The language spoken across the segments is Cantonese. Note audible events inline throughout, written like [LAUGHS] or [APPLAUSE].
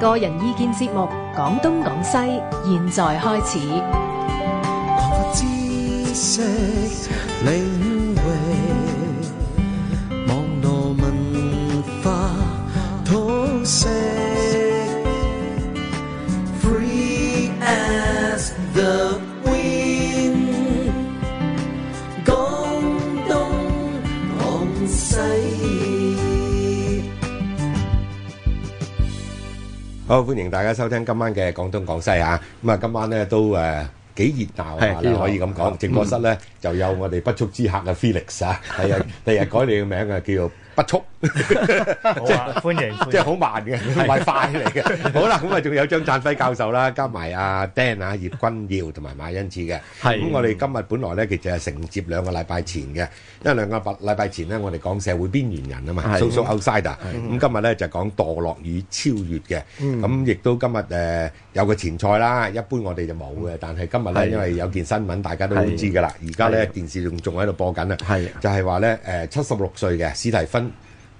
個人意見節目《講東講西》，現在開始。 [MUSIC] 好，歡迎大家收聽今晚嘅廣東廣西嚇。咁啊，今晚咧都誒幾熱鬧啊，可以咁講。直播室咧就有我哋不速之客嘅 Felix 啊，係啊，第日改你嘅名啊，叫不速。 [LAUGHS] 好啊， [LAUGHS] 就是，歡迎，即係好慢嘅，還快快嚟嘅。好啦，咁啊仲有張燦輝教授啦，加埋阿、啊、Dan 啊葉均耀同埋馬恩賜嘅。係咁、嗯，我哋今日本來咧其實係承接兩個禮拜前嘅，因為兩個禮拜禮拜前咧我哋講社會邊緣人啊嘛，數數 outsider。咁 outside，啊嗯嗯嗯嗯，今日咧就講墮落與超越嘅。咁亦都今日誒有個前菜啦，一般我哋就冇嘅，嗯，但係今日咧因為有件新聞，大家都會知噶啦。而家咧電視仲仲喺度播緊啊，就係話咧誒七十六歲嘅史提芬。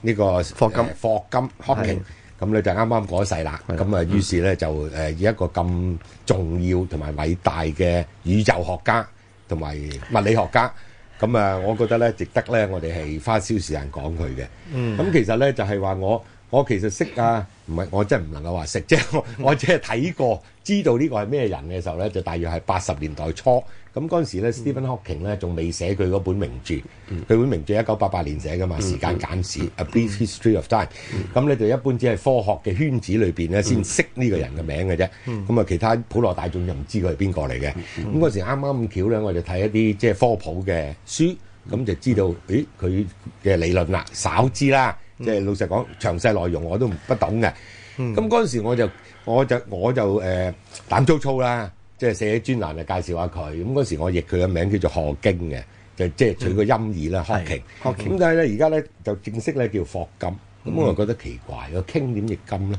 呢、這個霍金，霍金，Hawking，咁咧就啱啱過世啦。咁啊，於是咧、嗯、就誒、呃、以一個咁重要同埋偉大嘅宇宙學家同埋物理學家，咁啊，我覺得咧值得咧，我哋係花少時間講佢嘅。咁、嗯、其實咧就係、是、話我我其實識啊，唔係我真係唔能夠話識，即係我我只係睇過，知道呢個係咩人嘅時候咧，就大約係八十年代初。咁嗰陣時咧、嗯、Stephen Hawking 咧仲未寫佢嗰本名著，佢、嗯、本名著一九八八年寫㗎嘛，嗯《時間簡史、嗯》（A Brief History of Time）、嗯。咁咧就一般只係科學嘅圈子裏面咧先、嗯、識呢個人嘅名嘅啫。咁、嗯、啊，其他普羅大眾就唔知佢係邊個嚟嘅。咁、嗯、嗰、嗯、陣時啱啱咁巧咧，我就睇一啲即係科普嘅書，咁、嗯、就知道，咦佢嘅理論啦，少知啦。即、嗯、係、就是、老實講，詳細內容我都唔不懂嘅。咁嗰陣時我就我就我就誒、呃、膽粗粗啦。即、就、係、是、寫專欄嚟介紹下佢，咁、嗯、嗰時我譯佢嘅名叫做何經嘅，就即係、就是、取個音譯啦，何、嗯、經。咁但係咧，而家咧就正式咧叫霍金，咁、嗯嗯、又我覺得奇怪，個經點譯金咧。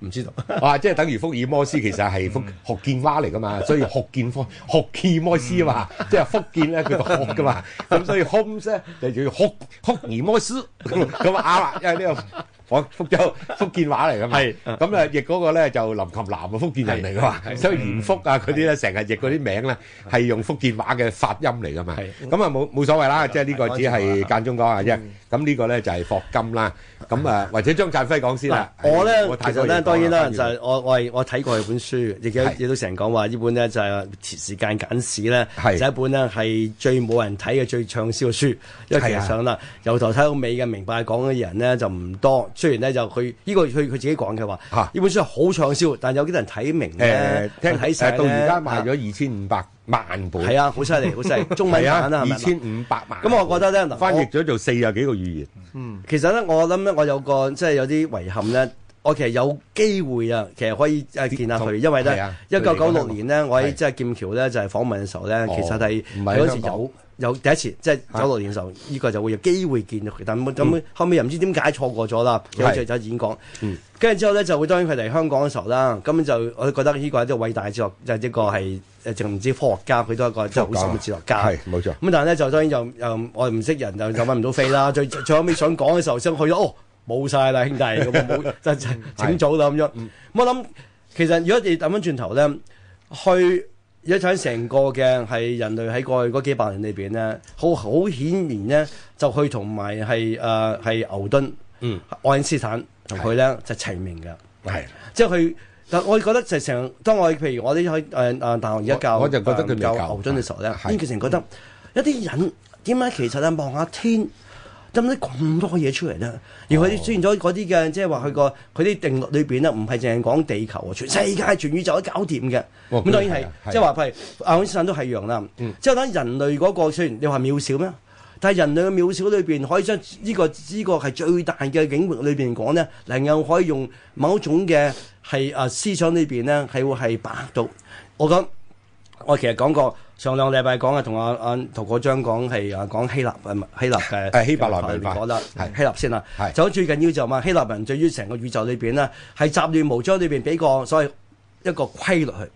唔知道， [LAUGHS] 啊，即係等於福爾摩斯，其實係福、嗯、福建話嚟噶嘛，所以福建福福爾摩斯嘛，嗯、即係福建咧叫做福噶嘛，咁、嗯、所以 home 啫，就要福、嗯、福爾摩斯咁咁啊，因為呢、呢個。我福州福建話嚟噶嘛？係咁啊，譯嗰個咧就林琴南啊，福建人嚟㗎嘛。所以嚴復啊嗰啲咧，成日譯嗰啲名咧係用福建話嘅發音嚟㗎嘛。係咁啊，冇冇所謂啦，即係呢個只係間中講啊啫。咁、嗯、呢個咧就係霍金啦。咁啊，或者張燦輝先講先啦。啊、我咧其實咧當然啦，啦就係、是、我我係我睇過佢本書，亦有亦都成日講話本呢本咧就係、是、時間簡史咧，就是、一本呢，係最冇人睇嘅最暢銷嘅書，因為、啊、其實上啦由頭睇到尾嘅明白講嘅人呢，就唔多。雖然咧就佢呢、這個佢佢自己講嘅話，呢本書好暢銷，但係有啲人睇明咧，聽睇曬到而家賣咗二千五百萬部，係啊，好犀利，好犀利， [LAUGHS] 中文版係咪啊，二千五百萬。咁、嗯、我覺得咧，翻譯咗做四廿幾個語言。嗯，其實咧，我諗咧，我有個即係有啲遺憾咧，我其實有機會啊，其實可以誒見下佢，因為咧，一九九六年呢，啊、我喺即係劍橋咧就係、是、訪問嘅時候咧、哦，其實係有。有第一次，即係九六年嘅時候，呢個就會有機會見到佢。但咁、嗯、後尾又唔知點解錯過咗啦。有隻就演講，跟住、嗯、之後咧就會當然佢嚟香港嘅時候啦。根本就我覺得依個係一個偉大嘅哲學，就係、是、一個係誒，唔知科學家，佢都一個即係好深嘅哲學家。係冇錯。咁但係咧就當然就又、呃、我哋唔識人，就就揾唔到飛啦。最最後尾想講嘅時候先去咗， [LAUGHS] 哦，冇晒啦兄弟，咁冇，就請早啦咁樣。我諗、嗯、其實如果你等翻轉頭咧，去。一睇成個嘅，係人類喺過去嗰幾百年裏邊呢，好好顯然呢就去同埋係誒係牛頓、嗯愛因斯坦同佢咧就齊名嘅，係即係佢，但我哋覺得就成，當我譬如我啲喺誒誒大學而家教我，我就覺得佢教牛頓嘅時候咧，邊個成覺得一啲人點解其實啊望下天？咁多嘢出嚟呢？而佢哋出現咗嗰啲嘅，即係話佢個佢啲定律裏邊呢，唔係淨係講地球啊，全世界、全宇宙都搞掂嘅。咁、哦啊、當然係，即係話譬如愛因斯坦都係樣啦。即係等人類嗰、那個雖然你話渺小咩？但係人類嘅渺小裏邊可以將呢、這個呢、這個係最大嘅景物裏面講呢，能夠可以用某種嘅係啊思想裏邊呢，係會係把握到。我講我其實講過。上兩個禮拜講啊，同阿阿陶果章講係啊，講希臘希臘嘅 [LAUGHS] 希伯來，我覺得係希臘先啦。就最緊要就嘛希臘人，對於成個宇宙裏面呢，係雜亂無章裏面俾個所謂一個規律去。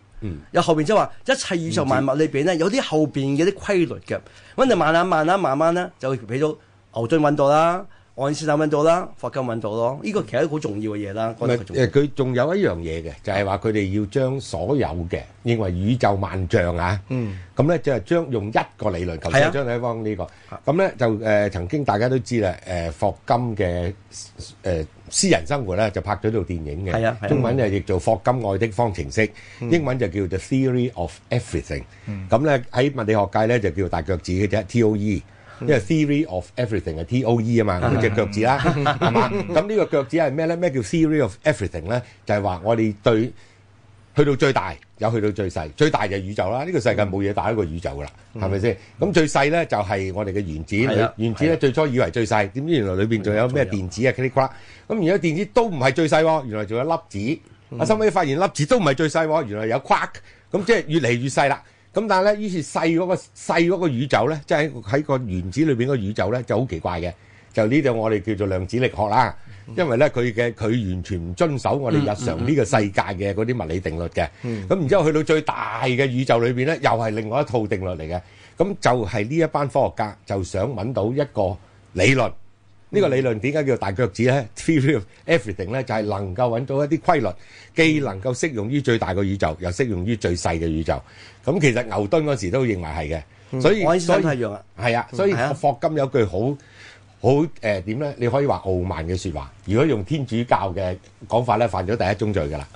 有、嗯、後邊即係話一切宇宙萬物裏面呢，有啲後面嘅啲規律嘅，咁就慢慢，慢慢、慢慢、慢慢呢，就俾到牛頓揾到啦。愛因斯坦揾咗啦，霍金揾咗咯，呢個其實一個好重要嘅嘢啦。唔係，誒佢仲有一樣嘢嘅，就係話佢哋要將所有嘅認為宇宙萬象啊，嗯，咁咧就係將用一個理論，頭先張燦輝呢個，咁咧就誒曾經大家都知啦，誒霍金嘅誒私人生活咧就拍咗套電影嘅，係啊，中文就譯做霍金愛的方程式，英文就叫做 Theory of Everything，咁咧喺物理學界咧就叫大腳趾嘅啫，TOE。因為 theory of everything 係 T O E 啊嘛，隻 [MUSIC] 腳趾啦，係 [LAUGHS] 嘛？咁呢個腳趾係咩咧？咩叫 theory of everything 咧？就係、是、話我哋對去到最大有去到最細，最大就係宇宙啦。呢、這個世界冇嘢大過宇宙㗎啦，係咪先？咁、嗯、最細咧就係、是、我哋嘅原子。啊、原子咧、啊、最初以為最細，點知原來裏面仲有咩電子啊，click 咁。而家 [MUSIC] [MUSIC] 電子都唔係最細，原來仲有粒子。嗯、啊，收尾發現粒子都唔係最細，原來有夸克。咁即係越嚟越細啦。咁但係咧，於是細嗰個細嗰個宇宙咧，即係喺個原子裏邊個宇宙咧，就好奇怪嘅。就呢度我哋叫做量子力學啦，因為咧佢嘅佢完全唔遵守我哋日常呢個世界嘅嗰啲物理定律嘅。咁然之後去到最大嘅宇宙裏邊咧，又係另外一套定律嚟嘅。咁就係呢一班科學家就想揾到一個理論。呢、嗯這個理論點解叫大腳趾咧 Three Everything 咧，就係能夠揾到一啲規律，既能夠適用於最大個宇宙，又適用於最細嘅宇宙。咁、嗯嗯、其實牛頓嗰時都認為係嘅，所以所以係用啊，係啊。所以霍金有句好好誒點咧？你可以話傲慢嘅說話。如果用天主教嘅講法咧，犯咗第一宗罪㗎啦。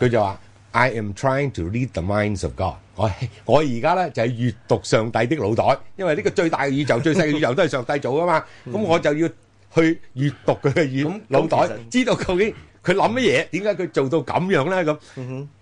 佢就話 [LAUGHS] ：I am trying to read the minds of God 我。我我而家咧就係、是、閱讀上帝的腦袋，因為呢個最大嘅宇宙、 [LAUGHS] 最細嘅宇宙都係上帝做㗎嘛。咁我就要。去閱讀佢嘅語腦袋，知道究竟。佢諗乜嘢？點解佢做到咁樣咧？咁、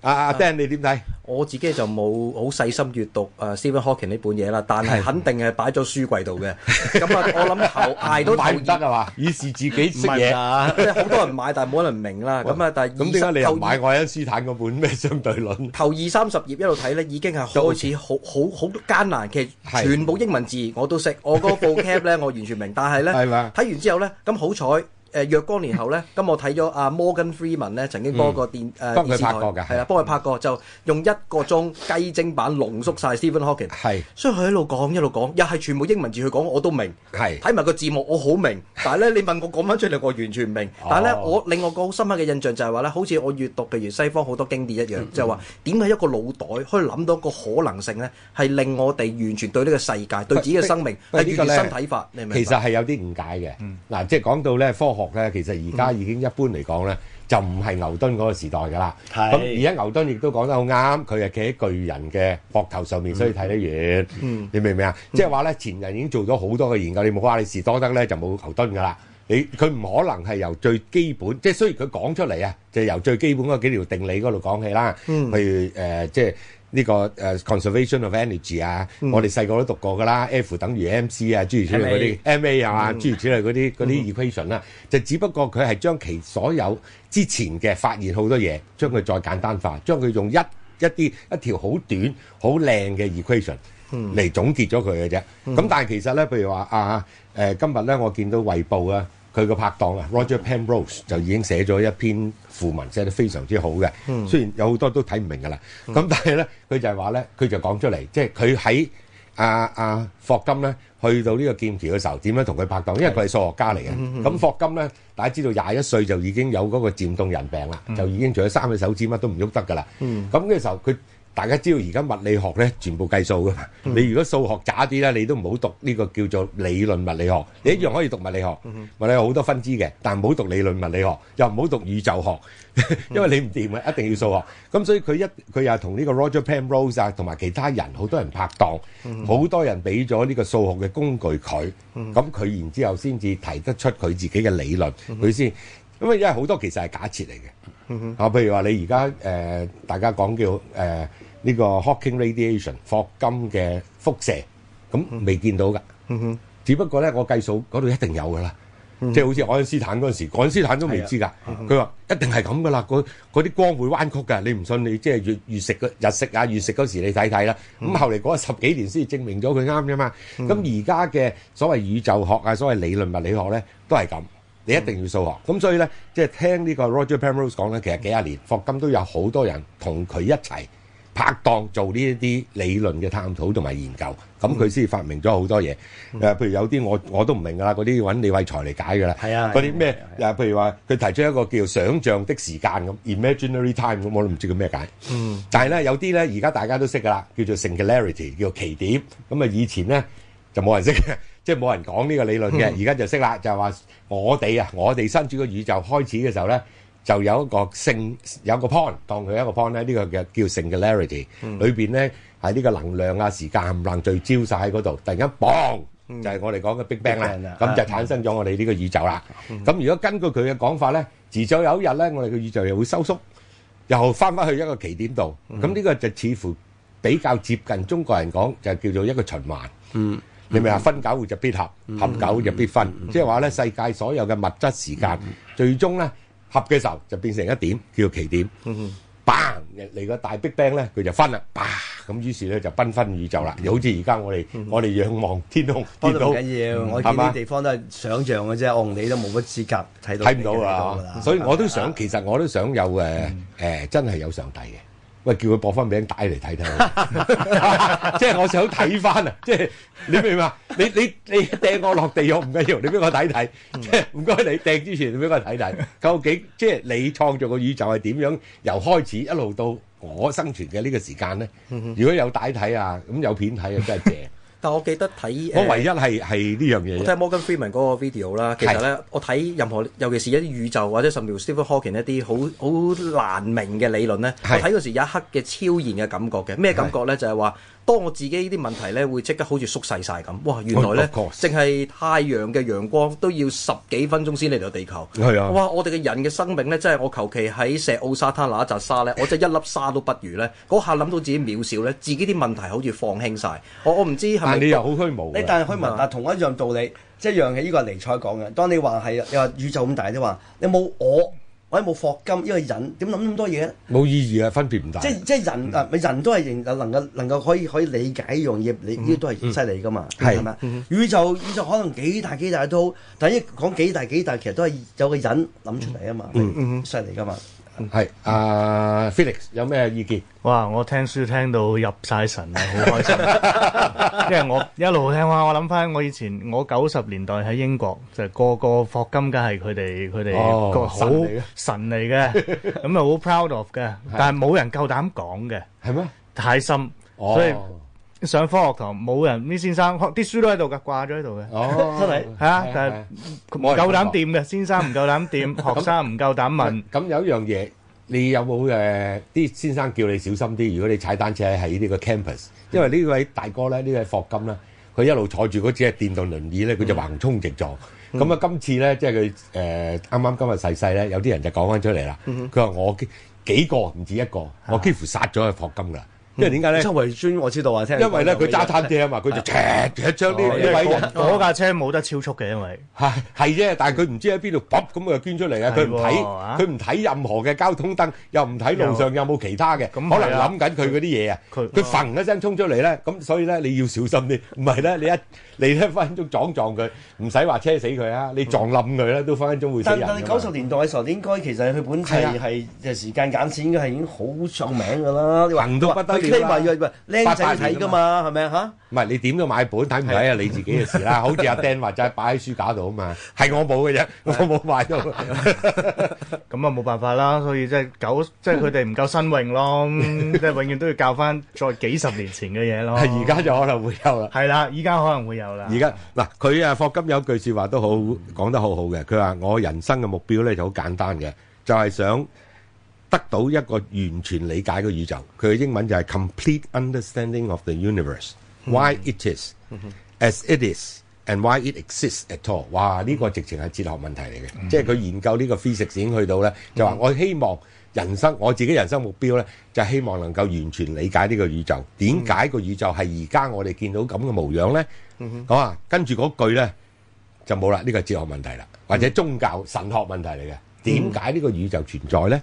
啊，阿阿 Dan，你點睇？我自己就冇好細心閱讀《啊 Stephen Hawking》呢本嘢啦，但係肯定係擺咗書櫃度嘅。咁啊，我諗頭挨都買唔得係嘛？ [LAUGHS] 以是自己識嘢即係好多人買，但係冇可能唔明啦。咁 [LAUGHS] 啊、 [LAUGHS] [LAUGHS] 嗯，但係咁點解你又買愛因斯坦嗰本咩相對論？ [LAUGHS] 頭二三十頁一路睇咧，已經係開始好好好艱難。其實全部英文字我都識，的我嗰部 cap 咧，我完全明。但係咧，睇 [LAUGHS] 的完之後咧，咁好彩。誒若干年後咧，今我睇咗阿 Morgan Freeman 咧，曾經播過電誒以前，係啊，幫佢拍過，就用一個鐘雞精版濃縮曬 Stephen Hawking，係，所以佢喺度講，一路講，又係全部英文字去講，我都明，係睇埋個字幕，我好明。但係咧，你問我講翻出嚟，我完全唔明。但係咧，我另外個好深刻嘅印象就係話咧，好似我閲讀譬如西方好多經典一樣，就係話點解一個腦袋可以諗到個可能性咧，係令我哋完全對呢個世界對自己嘅生命係有新睇法。你明，其實係有啲誤解嘅，嗱，即係講到咧，科學。學咧，其實而家已經一般嚟講咧，就唔係牛頓嗰個時代噶啦。咁而家牛頓亦都講得好啱，佢係企喺巨人嘅膊頭上面，所以睇得遠。嗯、你明唔明啊？即係話咧，前人已經做咗好多嘅研究，你冇話你士多德咧就冇牛頓噶啦。你佢唔可能係由最基本，即係雖然佢講出嚟啊，就係、由最基本嗰幾條定理嗰度講起啦。譬、嗯、如誒，即、呃、係。就是呢、這個、uh, conservation of energy 啊，嗯、我哋細個都讀過㗎啦。F 等於 mc 啊，諸如此類嗰啲 ma 啊，諸、嗯、諸如此類嗰啲嗰啲 equation 啦、啊，嗯、就只不過佢係將其所有之前嘅發現好多嘢，將佢再簡單化，將佢用一一啲一,一條好短好靚嘅 equation 嚟總結咗佢嘅啫。咁、嗯嗯、但係其實咧，譬如話啊、呃、今日咧我見到《衛報》啊。佢個拍檔啊，Roger Penrose 就已經寫咗一篇附文，寫得非常之好嘅。雖然有好多都睇唔明㗎啦，咁、嗯、但係咧，佢就係話咧，佢就講出嚟，即係佢喺阿阿霍金咧，去到呢個劍橋嘅時候，點樣同佢拍檔？因為佢係數學家嚟嘅。咁、嗯嗯、霍金咧，大家知道廿一歲就已經有嗰個漸凍人病啦，就已經除咗三個手指乜都唔喐得㗎啦。咁、嗯、嘅時候佢。大家知道而家物理學咧，全部計數噶嘛。你如果數學渣啲咧，你都唔好讀呢個叫做理論物理學。你一樣可以讀物理學，物理好多分支嘅，但唔好讀理論物理學，又唔好讀宇宙學，因為你唔掂啊，一定要數學。咁所以佢一佢又同呢個 Roger Penrose 啊，同埋其他人好多人拍檔，好多人俾咗呢個數學嘅工具佢，咁佢然之後先至提得出佢自己嘅理論，佢先。因為因為好多其實係假設嚟嘅。啊，譬如話你而家誒，大家講叫誒。呢、這個、Hawking、radiation，霍金嘅輻射咁未見到㗎、嗯嗯嗯，只不過咧，我計數嗰度一定有㗎啦。即、嗯、係好似愛因斯坦嗰陣時，愛因斯坦都未知㗎。佢、嗯、話、嗯、一定係咁㗎啦。嗰啲光會彎曲㗎。你唔信你，你即係月食日食啊，月食嗰時你睇睇啦。咁、嗯、後嚟嗰十幾年先至證明咗佢啱㗎嘛。咁而家嘅所謂宇宙學啊，所謂理論物理學咧，都係咁。你一定要數學咁，嗯、所以咧即係聽呢個 Roger Penrose 講咧，其實幾廿年霍金都有好多人同佢一齊。拍檔做呢一啲理論嘅探討同埋研究，咁佢先發明咗好多嘢。誒、嗯呃，譬如有啲我我都唔明㗎啦，嗰啲揾李偉才嚟解㗎啦。係、嗯、啊，嗰啲咩？誒、嗯嗯，譬如話佢提出一個叫做想像的時間咁 （imaginary time） 咁，我都唔知佢咩解。嗯。但係咧有啲咧，而家大家都識㗎啦，叫做 singularity，叫做奇點。咁啊，以前咧就冇人識嘅，即係冇人講呢個理論嘅。而、嗯、家就識啦，就係、是、話我哋啊，我哋身處個宇宙開始嘅時候咧。就有一個性，有個 point 當佢一個 point 咧，呢個叫叫 singularity，裏、嗯、面咧喺呢這個能量啊、時間，能聚焦晒喺嗰度，突然間嘣、嗯，就係、是、我哋講嘅 big bang 啦。咁、啊、就產生咗我哋呢個宇宙啦。咁、嗯嗯、如果根據佢嘅講法咧，遲早有一日咧，我哋嘅宇宙又會收縮，又翻翻去一個奇點度。咁呢個就似乎比較接近中國人講，就叫做一個循環。嗯、你咪話分久會就必合，合、嗯、久就必分，即係話咧世界所有嘅物質、時間，嗯、最終咧。合嘅時候就變成一點，叫做奇點。嘭，嚟個大壁冰咧，佢就分啦，嘭，咁於是咧就紛紛宇宙啦。又好似而家我哋、嗯、我哋仰望天空，天都唔緊要，嗯、我見啲地方都係想像嘅啫。哦，我同你都冇乜資格睇到睇唔到啦。所以我都想，其實我都想有誒、嗯欸、真係有上帝嘅。喂，叫佢播翻名帶嚟睇睇，即係我想睇翻啊！即係你明嘛？你你你掟我落地獄唔緊要，你俾我睇睇。即係唔該你掟之前，你俾我睇睇，究竟即係你創造個宇宙係點樣？由開始一路到我生存嘅呢個時間咧。如果有帶睇啊，咁有片睇啊，真係正。但我記得睇，我唯一係係呢樣嘢，我睇 Morgan Freeman 嗰個 video 啦。其實咧，我睇任何，尤其是一啲宇宙或者甚至乎 Stephen Hawking 一啲好好難明嘅理論咧，我睇嗰時有一刻嘅超然嘅感覺嘅。咩感覺咧？就係話。當我自己呢啲問題呢，會即刻好似縮細晒咁。哇！原來呢，淨係太陽嘅陽光都要十幾分鐘先嚟到地球。係啊！哇！我哋嘅人嘅生命呢，真係我求其喺石澳沙灘那一紮沙呢， [LAUGHS] 我真係一粒沙都不如呢，嗰下諗到自己渺小呢，自己啲問題好似放輕晒。我我唔知係咪。你又好虛，虛無。但係可以問同一樣道理，即係讓起呢個尼采講嘅。當你話係你話宇宙咁大都話，你有冇我？我、哎、冇霍金，因為人點諗咁多嘢冇意義啊，分別唔大。即即人啊，咪、嗯、人都係認能夠能夠可以可以理解呢樣嘢，你呢啲都係犀利噶嘛，係、嗯、咪、嗯嗯嗯、宇宙宇宙可能幾大幾大都好，但係講幾大幾大，其實都係有個人諗出嚟啊嘛，犀利噶嘛。係，阿 Felix 有咩意見？哇！我聽書聽到入曬神啊，好開心。因為我一路聽話，我諗翻我以前我九十年代喺英國，就個個霍金梗係佢哋佢哋個好神嚟嘅，咁啊好 proud of 嘅，但係冇人夠膽講嘅，係咩？太深，所以。上科學堂冇人，啲先生啲書都喺度噶，掛咗喺度嘅。出嚟，係啊，但係夠膽掂嘅先生唔夠膽掂，學生唔夠膽問。咁有一樣嘢，你有冇誒？啲先生叫你小心啲。如果你踩單車喺呢啲個 campus，因為呢位大哥咧，呢位霍金咧，佢一路坐住嗰隻電動輪椅咧，佢就橫衝直撞。咁啊，今次咧，即係佢誒，啱啱今日逝世咧，有啲人就講翻出嚟啦。佢話我幾個唔止一個，我幾乎殺咗個霍金噶啦。因為點解咧？因為咧，佢揸餐車啊嘛，佢就尺尺將啲嗰架車冇得超速嘅，因為係係啫，但係佢唔知喺邊度噏咁啊，捐出嚟啊！佢唔睇，佢唔睇任何嘅交通燈，又唔睇路上有冇其他嘅，可能諗緊佢嗰啲嘢啊！佢佢，揈一聲衝出嚟咧，咁所以咧，你要小心啲，唔係咧，你一你一分鐘撞撞佢，唔使話車死佢啊，你撞冧佢咧，都分分鐘會死人。但係九十年代嘅時候，應該其實佢本身係係就時間揀錢嘅，應該係已經好出名㗎啦，行到啊！靚華裔唔係，靚仔睇㗎嘛，係咪啊嚇？唔係，你點都買本睇唔睇啊？你自己嘅事啦。好似阿 Dan 話齋擺喺書架度啊嘛，係我冇嘅啫，我冇買到。咁啊冇辦法啦，所以即係九，即係佢哋唔夠新穎咯，即係永遠都要教翻再幾十年前嘅嘢咯。係而家就可能會有啦。係啦，而家可能會有啦。而家嗱，佢啊霍金有句説話都好講得好好嘅，佢話我人生嘅目標咧就好簡單嘅，就係想。得到一個完全理解嘅宇宙，佢嘅英文就係 complete understanding of the universe. Why it is, as it is, and why it exists at all？哇！呢個直情係哲學問題嚟嘅，即係佢研究呢個 physics 已經去到咧，就話我希望人生我自己人生目標咧，就係希望能夠完全理解呢個宇宙。點解個宇宙係而家我哋見到咁嘅模樣咧？咁啊，跟住嗰句咧就冇啦，呢個哲學問題啦，或者宗教神學問題嚟嘅，點解呢個宇宙存在咧？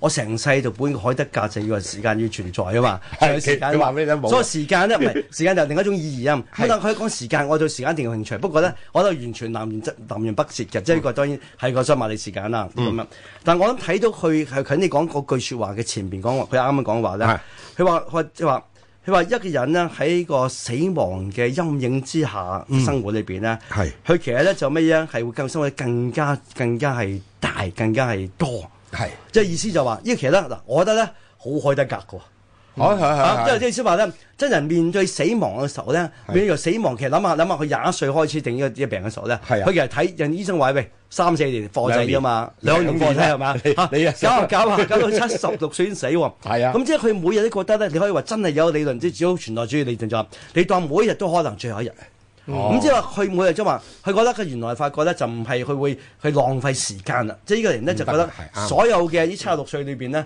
我成世就本海德格就以為時間與存在啊嘛， [LAUGHS] 所以時間咧唔係時間就另一種意義啊。可 [LAUGHS] 能佢以講時間，我對時間一定有興趣。不過咧，我都完全南轅南轅北轍嘅，即係呢個當然係個想馬你時間啦、啊、咁、嗯、樣。但我諗睇到佢係佢喺你講嗰句説話嘅前邊講話，佢啱啱講話咧，佢話佢即係話佢話一個人呢，喺個死亡嘅陰影之下、嗯、生活裏邊咧，佢其實咧就咩嘢？係會感受得更加更加係大，更加係多。係，即係意思就話，呢個其實咧，嗱，我覺得咧，好開得格噶，吓、嗯，即係即係意思話咧，真人面對死亡嘅時候咧，面對死亡其實諗下諗下，佢廿一歲開始定呢個病嘅時候咧，佢、啊、其實睇人醫生話喂，三四年咁滯啫嘛，兩年咁滯係嘛，吓、就是，搞下搞下搞到七十六歲先死，係啊，咁即係佢每日都覺得咧，你可以話真係有理論，即係叫存在主義理論，就話你當每一日都可能最後一日。咁、嗯哦、即係話佢每日即係話，佢覺得佢原來發覺咧就唔係佢會去浪費時間啦。即呢依個人咧就覺得，所有嘅呢七十六歲裏面咧，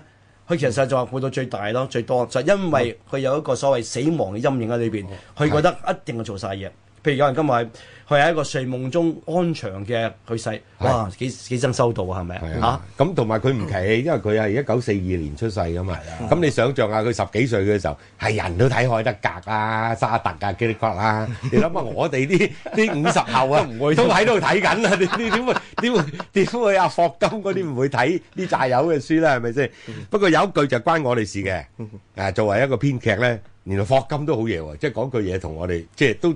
佢、嗯、其實就係話活到最大咯、嗯，最多就因為佢有一個所謂死亡嘅陰影喺裏面，佢、嗯、覺得一定係做晒嘢。譬如有人今日去去喺一個睡夢中安詳嘅去世，哇！幾幾生修到啊？係咪啊？咁同埋佢唔奇，因為佢係一九四二年出世噶嘛。咁你想象下佢十幾歲嘅時候係人都睇海德格啊、沙特啊、基利克啦。你諗下我哋啲啲五十後啊，唔會都喺度睇緊啊？你你點會點會點會阿霍金嗰啲唔會睇啲大友嘅書咧？係咪先？不過有一句就關我哋事嘅。啊，作為一個編劇咧，原來霍金都好嘢喎，即係講句嘢同我哋即係都。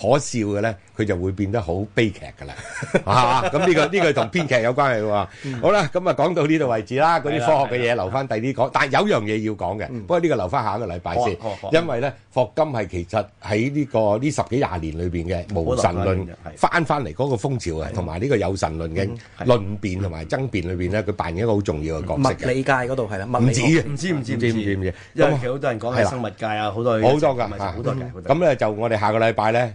可笑嘅咧，佢就會變得好悲劇嘅啦嚇！咁呢個呢個同編劇有關係喎。好啦，咁啊講到呢度為止啦。嗰啲科學嘅嘢留翻第啲講。但係有樣嘢要講嘅，不過呢個留翻下一個禮拜先，因為咧霍金係其實喺呢個呢十幾廿年裏邊嘅無神論翻翻嚟嗰個風潮啊，同埋呢個有神論嘅論辯同埋爭辯裏邊咧，佢扮演一個好重要嘅角色嘅。物理界嗰度係啦，唔止唔止唔止唔止唔止唔止，因為其實好多人講起生物界啊，好多好多嘅，好多嘅。咁咧就我哋下個禮拜咧。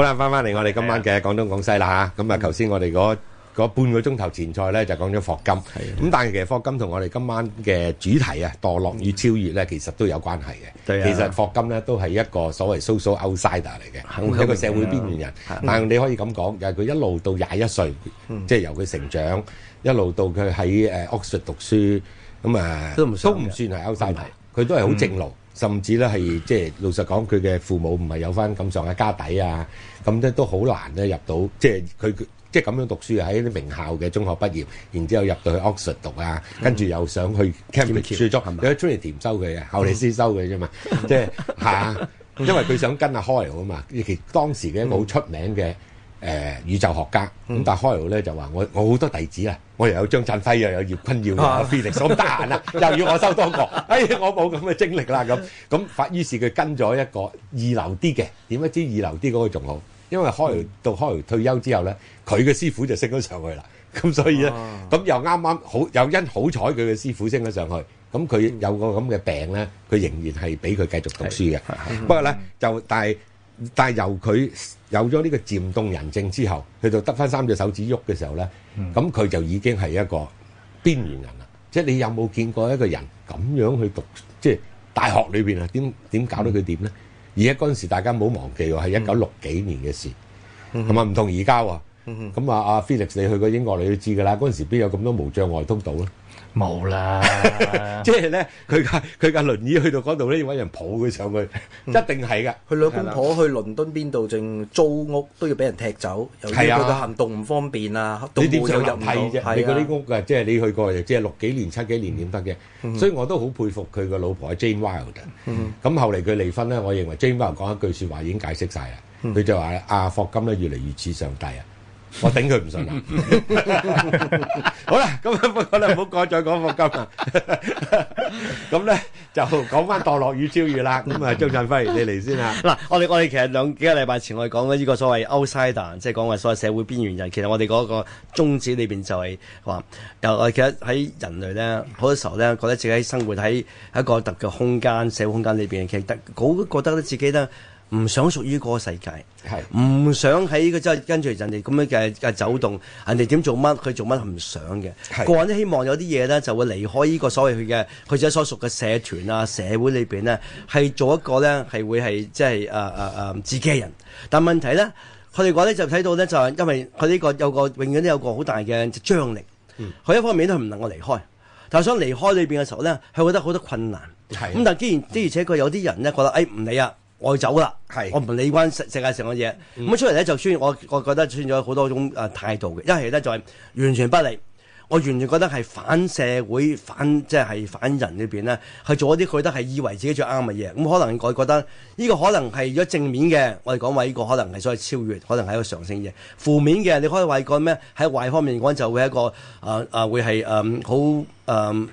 好啦，翻翻嚟，我哋今晚嘅廣東廣西啦嚇。咁啊，頭先我哋嗰嗰半個鐘頭前賽咧就講咗霍金。咁但係其實霍金同我哋今晚嘅主題啊，墮落與超越咧，其實都有關係嘅、啊。其實霍金咧都係一個所謂 social outsider 嚟嘅，一個社會邊緣人。但你可以咁講，就佢、是、一路到廿一歲，即、嗯、係、就是、由佢成長一路到佢喺 Oxford 讀書。咁、嗯、啊，都唔算係 outsider，佢都係好正路。嗯甚至咧係即係，老實講佢嘅父母唔係有翻咁上下家底啊，咁咧都好難咧入到，即係佢即係咁樣讀書啊，喺啲名校嘅中學畢業，然之後入到去 Oxford 讀啊，嗯、跟住又想去 Cambridge 讀，有啲專業填收佢嘅、嗯，後嚟先收佢啫嘛，即係嚇、 [LAUGHS] 啊，因為佢想跟阿開啊嘛，尤其當時嘅好出名嘅、嗯。嗯誒、呃，宇宙學家咁、嗯，但係開豪咧就話我我好多弟子啦，我又有張燦輝又有葉均耀，葉均耀啊，我有菲力，我唔咁得閒啦， [LAUGHS] 又要我收多個，哎我冇咁嘅精力啦，咁咁，於是佢跟咗一個二流啲嘅，點不知二流啲嗰個仲好，因為開豪、嗯、到開豪退休之後咧，佢嘅師傅就升咗上去啦，咁所以咧，咁、啊、又啱啱好又因好彩佢嘅師傅升咗上去，咁佢有個咁嘅病咧，佢仍然係俾佢繼續讀書嘅、嗯，不過咧就但係。但係由佢有咗呢個漸凍人症之後，佢就得返三隻手指喐嘅時候呢，咁佢就已經係一個邊緣人啦。即係你有冇見過一個人咁樣去讀，即係大學裏邊啊？點點搞到佢點呢？而家嗰陣時大家冇忘記喎，係一九六幾年嘅事，係咪唔同而家喎？咁啊，阿 Felix，你去過英國，你要知噶啦，嗰陣時邊有咁多無障礙通道咧？冇啦，即係咧，佢架佢架輪椅去到嗰度咧，要揾人抱佢上去，一定係噶。佢兩公婆去倫敦邊度正租屋，都要俾人踢走，因為佢個行動唔方便啊。你點想入去啫？你嗰啲屋啊，即係你去過，即係六幾年、七幾年點得嘅。所以我都好佩服佢個老婆啊，Jane Wild。咁後嚟佢離婚咧，我認為 Jane Wild 講一句説話已經解釋曬啦。佢就話：阿霍金咧，越嚟越似上帝啊！我頂佢唔順啦！好啦，咁啊，不過咧，唔好再講霍金啦。咁咧就講翻墮落與超越啦。咁啊，張燦輝你嚟先啊！嗱，我哋我哋其實兩幾個禮拜前我哋講咧呢個所謂 outsider，即係講話所謂社會邊緣人。其實我哋嗰個宗旨裏邊就係話，又我哋其實喺人類咧好多時候咧覺得自己喺生活喺一個特嘅空間、社會空間裏邊，其實好覺得咧自己咧。唔想屬於嗰個世界，唔想喺、呢個即係跟住人哋咁樣嘅嘅走動，人哋點做乜佢做乜，唔想嘅。個人都希望有啲嘢咧就會離開呢個所謂佢嘅佢自己所屬嘅社團啊社會裏面呢，係做一個咧係會係即係誒誒自己嘅人。但問題咧，佢哋話咧就睇到咧就係、是、因為佢呢個有個永遠都有個好大嘅張力。佢、嗯、一方面都唔能夠離開，但係想離開裏邊嘅時候咧，係覺得好多困難。咁但既然的而且確有啲人咧覺得誒唔理啊。我走啦，係我唔理關世世界上嘅嘢。咁、嗯、出嚟咧，就算我，我覺得出現咗好多種誒態度嘅。一係咧，就係完全不利，我完全覺得係反社會、反即係、就是、反人裏邊咧，去做一啲佢覺得係以為自己最啱嘅嘢。咁可能我覺得呢、這個可能係如果正面嘅，我哋講話呢個可能係所謂超越，可能係一個上升嘢。負面嘅你可以話個咩？喺壞方面講，就會一個誒誒、呃呃、會係好誒。呃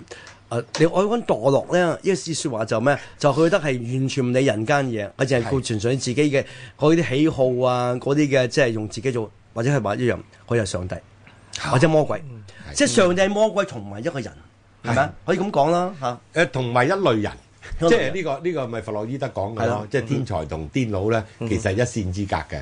啊、你我講墮落咧，呢啲說話就咩，就覺得係完全唔理人間嘢，佢淨係顧純粹自己嘅嗰啲喜好啊，嗰啲嘅即係用自己做，或者係話一樣，佢係上帝或者魔鬼，啊、即係上帝魔鬼同埋一個人，係、嗯、咪可以咁講啦吓誒同埋一類人。即係呢、這個呢、嗯，這個咪弗洛伊德講嘅咯，即係天才同癲佬咧，其實係一線之隔嘅。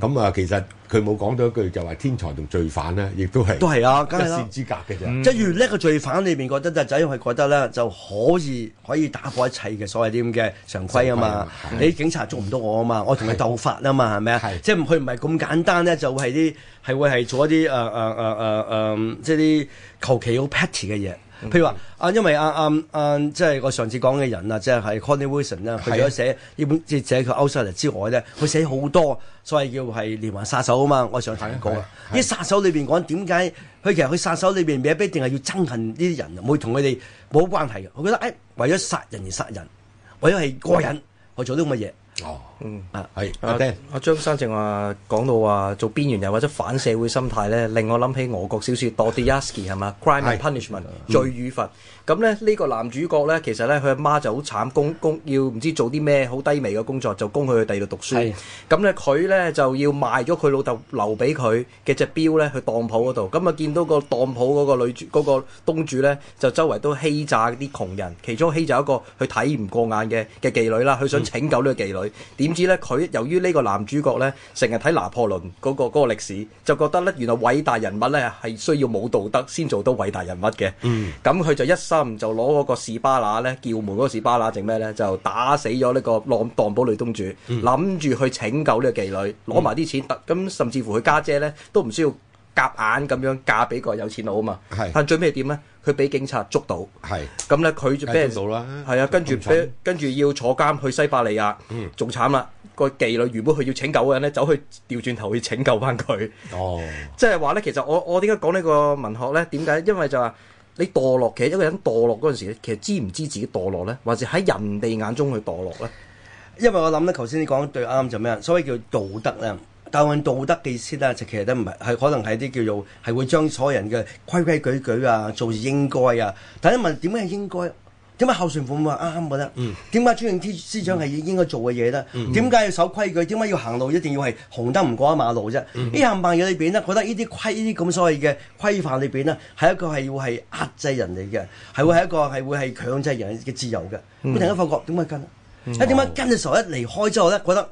咁啊，嗯、其實佢冇講到一句就話天才同罪犯咧，亦都係都係啊，一線之隔嘅啫。即係越叻嘅罪犯裏邊覺得，就係覺得咧就可以可以打破一切嘅所謂啲咁嘅常規啊嘛。你警察捉唔到我啊嘛，我同佢鬥法啊嘛，係咪啊？即係佢唔係咁簡單咧，就係啲係會係做一啲誒誒誒誒誒，即係啲求其好 petty 嘅嘢。譬如話啊，因為啊啊啊，即係我上次講嘅人啊，即係係 Colin Wilson 啊他日，佢而家寫呢本即係佢 Outsiders 之外咧，佢寫好多所謂叫係連環殺手啊嘛，我想提過。啲、啊啊、殺手裏邊講點解佢其實佢殺手裏邊未必一定係要憎恨呢啲人，唔會同佢哋冇關係嘅。我覺得誒，為咗殺人而殺人，為咗係過癮，我做啲咁嘅嘢。哦。嗯，啊係，阿、啊、張生正話講到話做邊緣人或者反社會心態咧，令我諗起俄國小說《Dostoevsky》係嘛，《Crime and Punishment》罪與罰。咁、嗯、咧呢、這個男主角咧，其實咧佢阿媽就好慘，供供要唔知做啲咩好低微嘅工作，就供佢去第二度讀書。咁咧佢咧就要賣咗佢老豆留俾佢嘅隻表咧去當鋪嗰度。咁啊見到個當鋪嗰個女主嗰、那個東主咧，就周圍都欺詐啲窮人，其中欺詐一個佢睇唔過眼嘅嘅妓女啦。佢想拯救呢個妓女，點、嗯？總之咧，佢由於呢個男主角咧，成日睇拿破崙嗰個嗰個歷史，就覺得咧，原來偉大人物咧係需要冇道德先做到偉大人物嘅。嗯，咁佢就一心就攞嗰個士巴拿咧，叫門嗰個士巴拿，整咩咧，就打死咗呢個浪當堡女東主，諗、嗯、住去拯救呢個妓女，攞埋啲錢，咁、嗯、甚至乎佢家姐咧都唔需要夾硬咁樣嫁俾個有錢佬啊嘛。係，但最尾係點咧？佢俾警察捉到，係咁咧，佢就俾到啦。係啊，跟住俾跟住要坐監去西伯利亞，嗯，仲慘啦。個妓女如果佢要拯救嘅人咧，走去調轉頭去拯救翻佢。哦，即係話咧，其實我我點解講呢個文學咧？點解？因為就話你墮落，其實一個人墮落嗰陣時咧，其實知唔知自己墮落咧，還是喺人哋眼中去墮落咧？因為我諗咧，頭先你講對啱就咩啊？所謂叫道德咧。但按道德嘅意思咧，就其實都唔係，可能係啲叫做係會將所有人嘅規規矩矩啊，做應該啊。但一問問點解應該？點解孝順會唔會啱覺得？點解尊敬師長係應該做嘅嘢咧？點、嗯、解要守規矩？點解要行路一定要係紅燈唔過一馬路啫？呢啲冚唪唥嘢裏面呢，覺得呢啲規呢啲咁所謂嘅規範裏面呢，係一個係要係壓制人嚟嘅，係、嗯、會係一個係會係強制人嘅自由嘅。嗯、你突然間發覺點解跟？一點解跟嘅時候一離開之後咧，覺得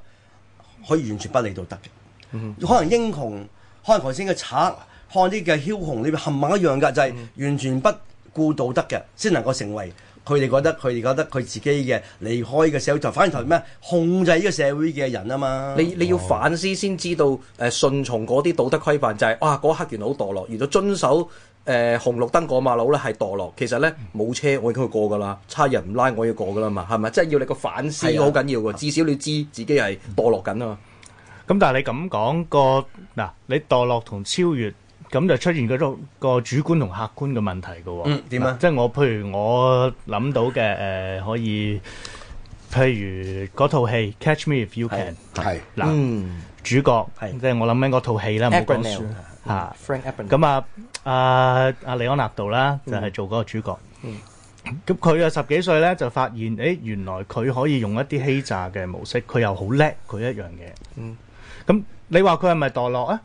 可以完全不理道德嘅。嗯、可能英雄、可能頭先嘅賊，看啲嘅梟雄裏面冚唪唥一樣㗎，就係、是、完全不顧道德嘅，先能夠成為佢哋覺得佢哋覺得佢自己嘅離開嘅社會反就反而同咩控制呢個社會嘅人啊嘛！你你要反思先知道誒順從嗰啲道德規範就係、是、啊，嗰刻原來好墮落，如果遵守誒、呃、紅綠燈過馬路咧係墮落。其實咧冇、嗯、車我已經去過㗎啦，差人唔拉我要過㗎啦嘛，係咪？即、就、係、是、要你個反思好緊、啊、要喎，至少你知自己係墮落緊啊嘛！嗯嗯咁但係你咁講個嗱，你墮落同超越，咁就出現嗰種個主觀同客觀嘅問題㗎喎。點啊？即係我譬如我諗到嘅誒，可以譬如嗰套戲《Catch Me If You Can》。係嗱，主角即係我諗緊嗰套戲啦，唔好講書吓。Frank Abagnale 咁啊，阿阿李安納度啦，就係做嗰個主角。咁佢啊十幾歲咧就發現，誒原來佢可以用一啲欺詐嘅模式，佢又好叻，佢一樣嘢。咁你話佢係咪墮落啊？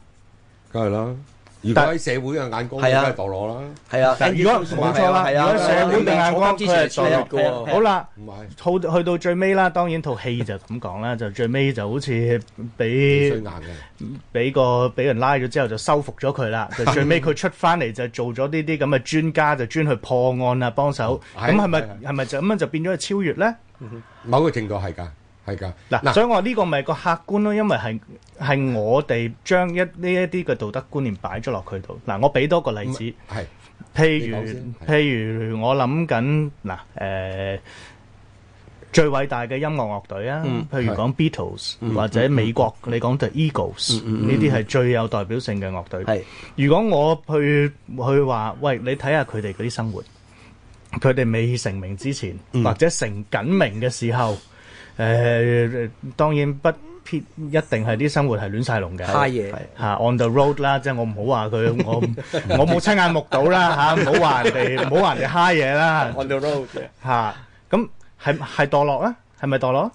梗係啦，如果喺社會嘅眼光都係墮落啦。係啊，啊，但如果冇錯啦、啊啊，如果社會嘅眼光之前係、啊啊啊啊、墮落嘅，好啦，唔係去到最尾啦。當然套戲就咁講啦，就最尾就好似俾俾個俾人拉咗之後就收服咗佢啦。就最尾佢出翻嚟就做咗呢啲咁嘅專家，就專去破案、嗯、啊，幫手。咁係咪係咪就咁樣就變咗係超越咧？某個程度係㗎。係噶嗱，所以我話呢個咪個客觀咯，因為係係我哋將一呢一啲嘅道德觀念擺咗落佢度嗱。我俾多個例子，嗯、譬如譬如我諗緊嗱，誒最偉大嘅音樂樂隊啊、嗯，譬如講 Beatles、嗯、或者美國、嗯、你講就 Eagles 呢啲係最有代表性嘅樂隊。係、嗯嗯、如果我去去話，喂你睇下佢哋嗰啲生活，佢哋未成名之前、嗯、或者成緊名嘅時候。誒，當然不必一定係啲生活係亂晒龍嘅，係吓。On the road，啦，即係我唔好話佢，我我冇親眼目睹啦吓，唔好話人哋，唔好話人哋 high 嘢啦。On the road，吓咁係係墮落啊？係咪墮落？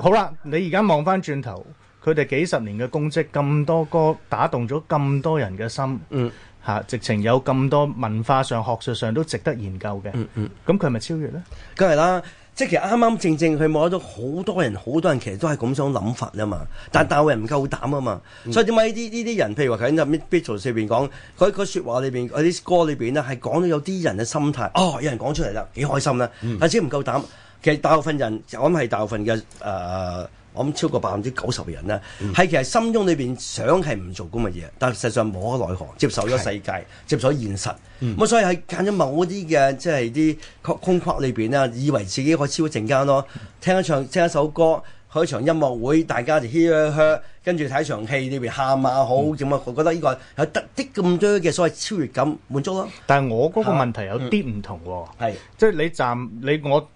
好啦，你而家望翻轉頭，佢哋幾十年嘅功績，咁多歌打動咗咁多人嘅心，嗯吓，直情有咁多文化上、學術上都值得研究嘅，嗯嗯，咁佢係咪超越咧？梗係啦。即係其實啱啱正正，佢望到好多人，好多人其實都係咁種諗法啊嘛，但係大陸人唔夠膽啊嘛，所以點解呢啲呢啲人，譬如，如、那個、話喺 Beatles 度裏邊講，佢個説話裏邊，嗰啲歌裏邊咧係講到有啲人嘅心態，哦，有人講出嚟啦，幾開心啦，但係只唔夠膽，其實大部分人，我諗係大部分嘅誒。呃我諗超過百分之九十嘅人呢、啊，喺、嗯、其實心中裏邊想係唔做咁嘅嘢，但係實際上無可奈何，接受咗世界，接受咗現實。咁、嗯、所以喺揀咗某啲嘅即係啲空框裏邊呢，以為自己可以超一陣間咯。聽一唱，聽一首歌，開場音樂會，大家就 hug hug，跟住睇一場戲裏邊喊啊好，點、嗯、啊，我覺得呢個係有得啲咁多嘅所謂超越感滿足咯。但係我嗰個問題有啲唔同喎，即係、嗯就是、你站你我。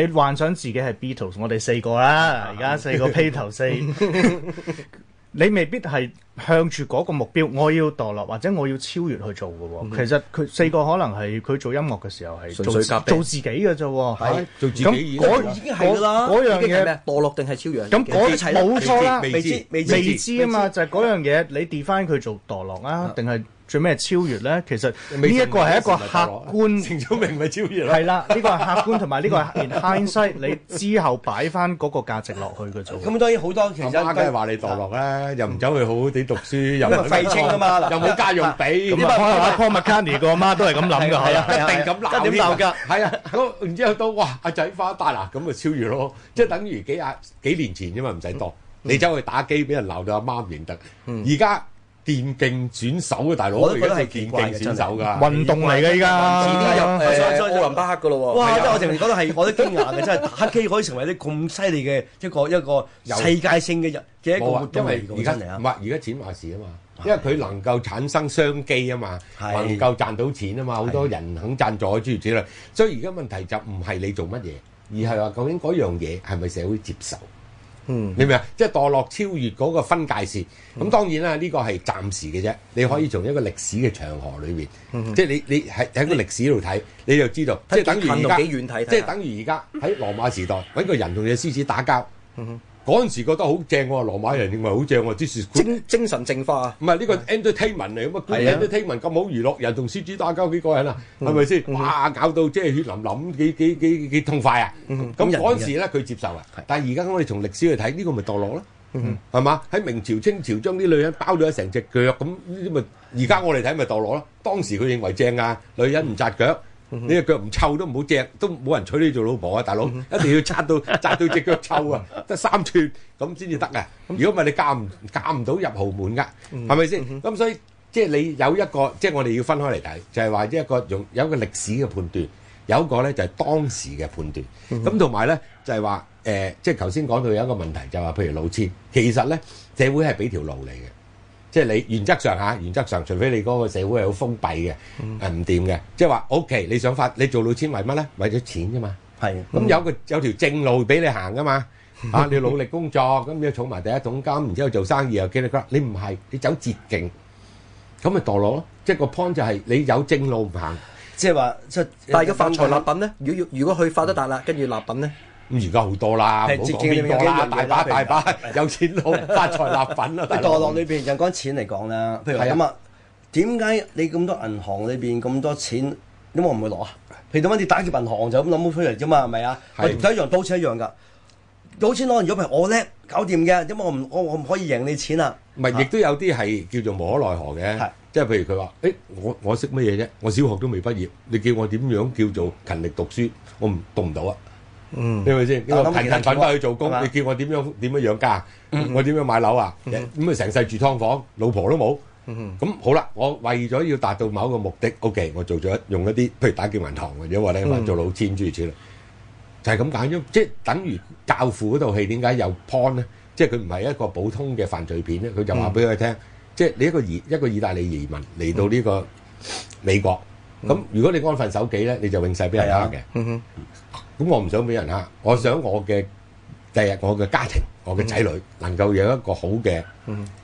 你幻想自己係 Beatles，我哋四個啦，而家四個披頭四， [LAUGHS] 你未必係向住嗰個目標，我要墮落或者我要超越去做嘅喎、嗯。其實佢四個可能係佢做音樂嘅時候係做、嗯、做自己嘅啫，咁嗰已、啊、已經係嗰樣嘢墮落定係超越？咁嗰一齊冇錯啦，未知未知啊嘛，就係、是、嗰樣嘢，你 define 佢做墮落啊，定、啊、係？做咩超越咧？其實呢一個係一個客觀，程祖明咪超越咯。係啦，呢、呢個係客觀同埋呢個係，in hindsight 你之後擺翻嗰個價值落去嘅，咁當然好多其實阿媽梗係話你墮落啦，又唔走去好好地讀書，又冇廢青啊嘛，又冇家用俾。咁啊，啊，啊，科麥卡尼個阿媽都係咁諗㗎，係啊，啊，啊，一定咁鬧呢？點鬧㗎？係啊，啊啊 [LAUGHS] [LAUGHS] 然之後都哇，阿仔花大嗱，咁啊超越咯，即係等於幾廿幾年前，啫嘛，唔使墮，你走去打機俾人鬧到阿媽唔認得。而家。電競選手嘅大佬，我都覺得係電競選手㗎，運動嚟嘅依家。似啲入再再奧林巴克㗎咯喎！哇，真係我成日覺得係我都驚訝嘅，真係打機可以成為啲咁犀利嘅一個一個世界性嘅日嘅一個活動嚟啊！唔係，而家錢話事啊嘛，因為佢能夠產生商機啊嘛，能夠賺到錢啊嘛，好多人肯贊助諸如此類，所以而家問題就唔係你做乜嘢，而係話究竟嗰樣嘢係咪社會接受？嗯，你明唔明啊？即係墮落超越嗰個分界線，咁、嗯、當然啦，呢、呢個係暫時嘅啫。你可以從一個歷史嘅長河裏面，嗯、即係你你喺喺個歷史度睇、嗯，你就知道。即係等於而家，即係等於而家喺羅馬時代揾個人同嘅獅子打交。嗯嗯嗰陣時覺得好正喎、啊，羅馬人認為好正喎、啊，啲精精神淨化、啊，唔係呢個 entertainment 嚟咁 entertainment 咁好娛樂，人同獅子打交幾個人啊，係咪先？哇、嗯！搞到即係血淋淋咁，幾幾幾幾痛快啊！咁嗰陣時咧佢接受啊，但係而家我哋從歷史去睇，呢、這個咪墮落咯、啊，係、嗯、嘛？喺明朝清朝將啲女人包咗成隻腳咁，呢啲咪而家我哋睇咪墮落咯、啊？當時佢認為正啊，女人唔紮腳。你隻腳唔臭都唔好，隻，都冇人娶你做老婆啊！大佬 [LAUGHS] 一定要紮到紮到隻腳臭啊，得三寸咁先至得啊！如果唔係你嫁唔嫁唔到入豪門噶、啊，係咪先？咁 [LAUGHS] 所以即係你有一個，即係我哋要分開嚟睇，就係、是、話一個用有一個歷史嘅判斷，有一個咧就係當時嘅判斷。咁同埋咧就係話誒即係頭先講到有一個問題，就係、是、話譬如老千，其實咧社會係俾條路嚟嘅。即係你原則上下原則上，除非你嗰個社會係好封閉嘅，係唔掂嘅。即係話 O K，你想發，你做老千為乜咧？為咗錢啫嘛。係。咁有個有條正路俾你行噶嘛。啊，你努力工作，咁你要儲埋第一桶金，然之後做生意又幾叻？你唔係你走捷徑，咁咪墮落咯。即係個 point 就係你有正路唔行，即係話。但係如果發財立品咧，如果如果佢發得大啦，跟住立品咧，咁而家好多啦，唔好講啦，大把大把有錢佬發財立品啦。墮 [LAUGHS] 落裏邊，用 [LAUGHS] 講錢嚟講啦。係咁啊說？點解你咁多銀行裏邊咁多錢，點解唔會攞啊？譬如點解你打劫銀行就咁諗出嚟啫嘛？係咪啊我都都都我我？我唔使一樣都錢一樣噶，有錢攞如果譬如我叻搞掂嘅，點解我唔我我唔可以贏你錢啊？唔係，亦都有啲係叫做無可奈何嘅，即係、啊、譬如佢話，誒、欸，我我識乜嘢啫？我小學都未畢業，你叫我點樣叫做勤力讀書？我唔讀唔到啊！嗯，係咪先？我勤勤奮奮去做工，你叫我點樣點樣養家？我點樣買樓啊？咁咪成世住劏房，老婆都冇。咁好啦，我為咗要達到某一個目的，O.K.，我做咗用一啲，譬如打劫銀行，或者話咧做老千諸如此類，就係咁簡單。即係等於教父嗰套戲，點解有 point 咧？即係佢唔係一個普通嘅犯罪片咧，佢就話俾佢聽，即係你一個移一個意大利移民嚟到呢個美國，咁如果你安分守己咧，你就永世俾人蝦嘅。咁我唔想俾人吓，我想我嘅第日我嘅家庭、我嘅仔女能夠有一個好嘅誒、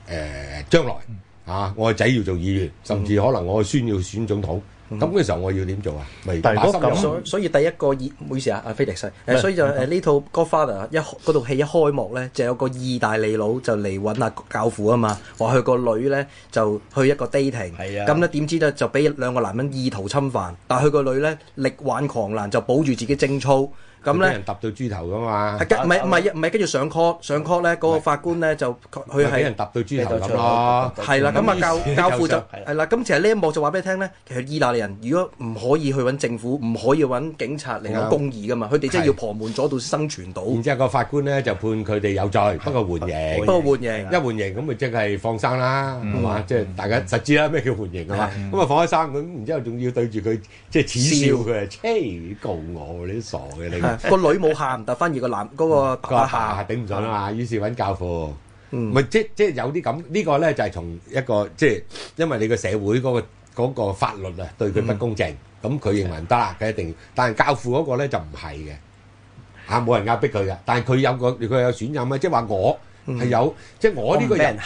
呃、將來啊！我嘅仔要做議員，甚至可能我嘅孫要選總統。咁、嗯、嘅時候我要點做啊？但、嗯、係所以所以第一個意，唔好意思啊，阿菲迪西，所以就呢套、嗯啊、Godfather 一嗰套戲一開幕咧，就有個義大利佬就嚟搵阿教父啊嘛，話佢個女咧就去一個 dating，係啊，咁咧點知咧就俾兩個男人意圖侵犯，但係佢個女咧力挽狂瀾，就保住自己貞操。咁咧，俾人揼到豬頭噶嘛？係唔係唔係唔係跟住上 call 上 call 咧，嗰、那個法官咧就佢係俾人揼到豬頭咁咯。係啦，咁啊教教父就係啦。咁其實呢一幕就話俾你聽咧，其實意大利人如果唔可以去揾政府，唔可以揾警察嚟攞公義噶嘛，佢哋即係要旁門左道生存到。然之後個法官咧就判佢哋有罪，不過緩刑。不過緩刑，緩刑一緩刑咁咪即係放生啦，係、嗯、嘛？即係大家、嗯、實知啦咩叫緩刑啊嘛？咁啊、嗯、放開生咁，然之後仲要對住佢即係恥笑佢啊！你告我，你都傻嘅你。個 [LAUGHS] 女冇喊唔得，反而個男嗰、嗯那個爸爸喊，係頂唔順啊嘛。於、嗯、是搵教父，唔、嗯、係即即有啲咁、這個、呢個咧就係、是、從一個即係，因為你個社會嗰、那個、那個法律啊，對佢不公正，咁、嗯、佢認為唔得，佢一定。但係教父嗰個咧就唔係嘅，吓、啊、冇人壓逼佢嘅，但係佢有個佢有選擇啊，即係話我係、嗯、有，即係我呢個人，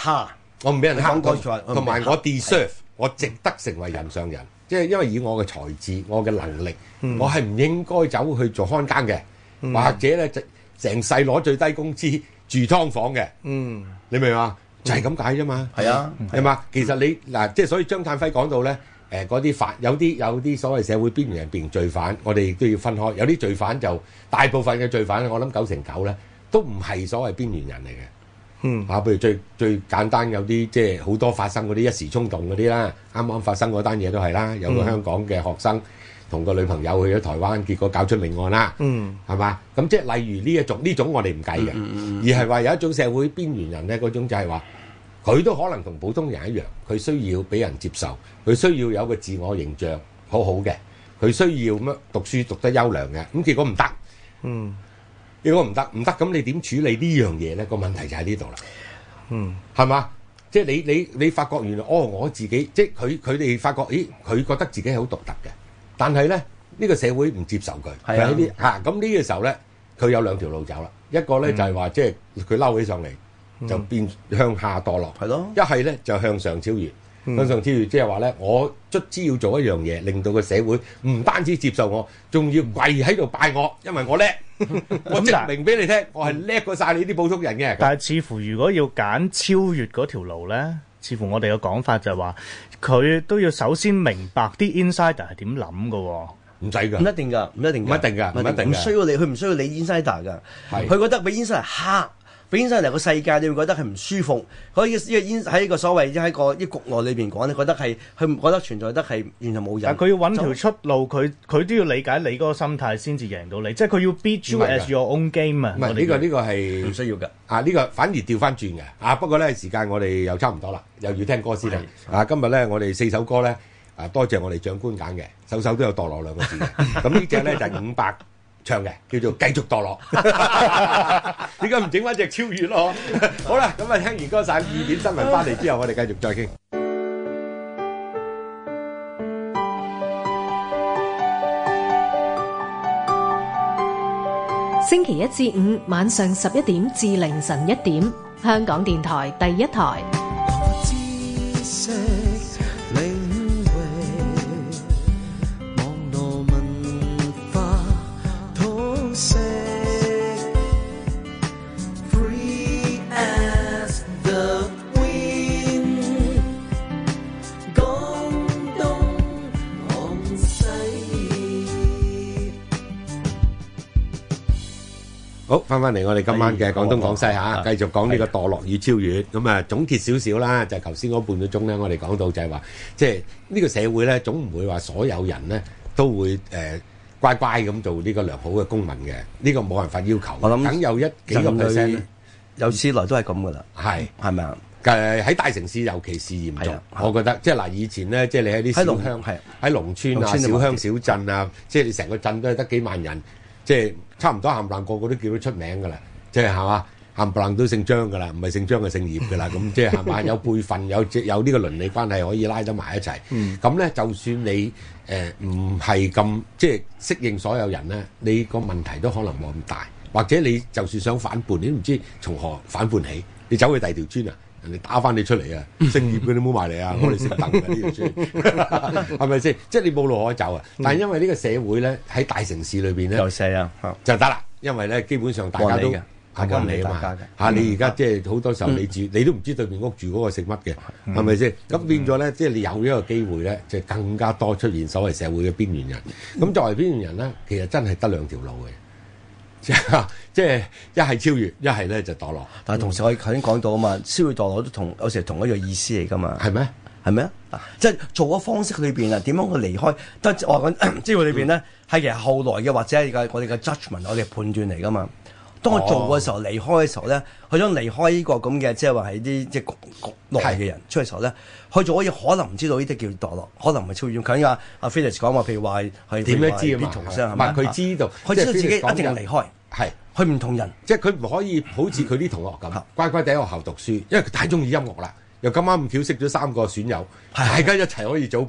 我唔俾人蝦，同埋我，我 deserve，我值得成為人上人。即係因為以我嘅才智、我嘅能力，我係唔應該走去做看更嘅，或者咧就成世攞最低工資住劏房嘅。嗯，你明嘛？就係咁解啫嘛。係啊，係嘛？其實你嗱，即係所以張燦輝講到咧，誒嗰啲犯有啲有啲所謂社會邊緣人變罪犯，我哋亦都要分開。有啲罪犯就大部分嘅罪犯咧，我諗九成九咧都唔係所謂邊緣人嚟嘅。嗯，啊譬如最最簡單有啲即係好多發生嗰啲一時衝動嗰啲啦，啱啱發生嗰單嘢都係啦，有個香港嘅學生同個女朋友去咗台灣，結果搞出命案啦。嗯，係嘛？咁即係例如呢一種呢、嗯、種我哋唔計嘅、嗯嗯，而係話有一種社會邊緣人呢，嗰種就係話佢都可能同普通人一樣，佢需要俾人接受，佢需要有個自我形象好好嘅，佢需要乜樣讀書讀得優良嘅，咁結果唔得。嗯。如果唔得唔得，咁你點處理呢樣嘢咧？個問題就喺呢度啦。嗯，係嘛？即係你你你發覺原來哦，我自己即係佢佢哋發覺，咦，佢覺得自己係好獨特嘅，但係咧呢個社會唔接受佢，係啊，吓，咁呢個時候咧，佢有兩條路走啦。一個咧就係話，嗯，即係佢嬲起上嚟就變向下墮落，係咯，嗯。一係咧就向上超越。向上超越，即係話咧，我卒之要做一樣嘢，令到個社會唔單止接受我，仲要跪喺度拜我，因為我叻。 [LAUGHS] 我證明俾你聽，嗯、我係叻過晒你啲普通人嘅。但係似乎如果要揀超越嗰條路咧，似乎我哋嘅講法就係話，佢都要首先明白啲 insider 係點諗㗎喎，唔使㗎，唔一定㗎，唔一定㗎，唔一定㗎，唔一定㗎，唔需要你，佢唔需要你 insider 㗎，佢覺得畀 insider 蝦？變翻嚟個世界，你會覺得係唔舒服。所以呢個喺一個所謂，喺個啲局內裏邊講，你覺得係佢唔覺得，存在得係完全冇人。但佢要揾條出路，佢佢都要理解你嗰個心態先至贏到你。即係佢要 beat you as your own game、這個這個、啊！唔係呢個呢個係唔需要㗎。啊呢個反而調翻轉嘅。啊不過咧時間我哋又差唔多啦，又要聽歌先啦。啊今日咧我哋四首歌咧啊多謝我哋長官揀嘅，首首都有墮落兩個字。咁 [LAUGHS] 呢隻咧就係五百。唱嘅叫做繼續墮落，點解唔整翻隻超越咯？好啦，咁啊聽完歌散二點新聞，翻嚟之後我哋繼續再傾。星期一至五晚上十一點至凌晨一點，香港電台第一台。好，翻返嚟我哋今晚嘅廣東廣西下繼續講呢個墮落與超越。咁啊，總結少少啦，就係頭先嗰半個鐘咧，我哋講到就係話，即係呢個社會咧，總唔會話所有人咧都會誒乖乖咁做呢個良好嘅公民嘅。呢、呢個冇辦法要求，我諗梗有一幾個 percent 有史來都係咁噶啦，係，係咪啊？喺大城市尤其是嚴重，啊啊、我覺得即係嗱，以前咧即係你喺啲喺鄉鄉喺農村啊、村村小鄉小鎮啊，即係你成個鎮都係得幾萬人。即係差唔多冚唪唥個個都叫得出名嘅啦，即係係嘛，冚唪唥都姓張嘅啦，唔係姓張就姓葉嘅啦，咁 [LAUGHS] 即係係嘛，有輩分有有呢個倫理關係可以拉得埋一齊。咁咧，就算你誒唔係咁即係適應所有人咧，你個問題都可能冇咁大。或者你就算想反叛，你都唔知從何反叛起，你走去第二條村啊！人哋打翻你出嚟啊！正 [LAUGHS] 業佢都冇埋嚟啊！我哋先等嘅呢條船，係咪先？即、就、係、是、你冇路可走啊！嗯、但係因,因為呢個社會咧喺大城市裏面咧，就細啊，就得啦。因為咧基本上大家都關你啊嘛，你而家即係好多時候你住、嗯、你都唔知對面屋住嗰個食乜嘅，係咪先？咁、嗯、變咗咧，即、就、係、是、你有咗個機會咧，就更加多出現所謂社會嘅邊緣人。咁作為邊緣人咧，其實真係得兩條路嘅。 [LAUGHS] 即係一係超越，一係咧就墮落。嗯、但係同時我哋頭先講到啊嘛，超越、墮落都同有時同一個意思嚟噶嘛，係咩？係咩啊？即係做個方式裏邊啊，點樣去離開？得我話緊，即係裏面咧係、嗯、其實後來嘅，或者我哋嘅 judgment 我哋嘅判斷嚟噶嘛。當佢做嘅時候離開嘅時候咧，佢想離開呢個咁嘅，即係話係啲即係局內嘅人出去時候咧，佢就可以可能唔知道呢啲叫墮落，可能唔係超越。咁啊，阿 Felix 講話，譬如話係點樣知啲同唔係佢知道，佢知道自己一定要離開。係佢唔同人，即係佢唔可以好似佢啲同學咁乖乖地喺學校讀書，因為佢太中意音樂啦。又今晚唔曉識咗三個損友，大家一齊可以做。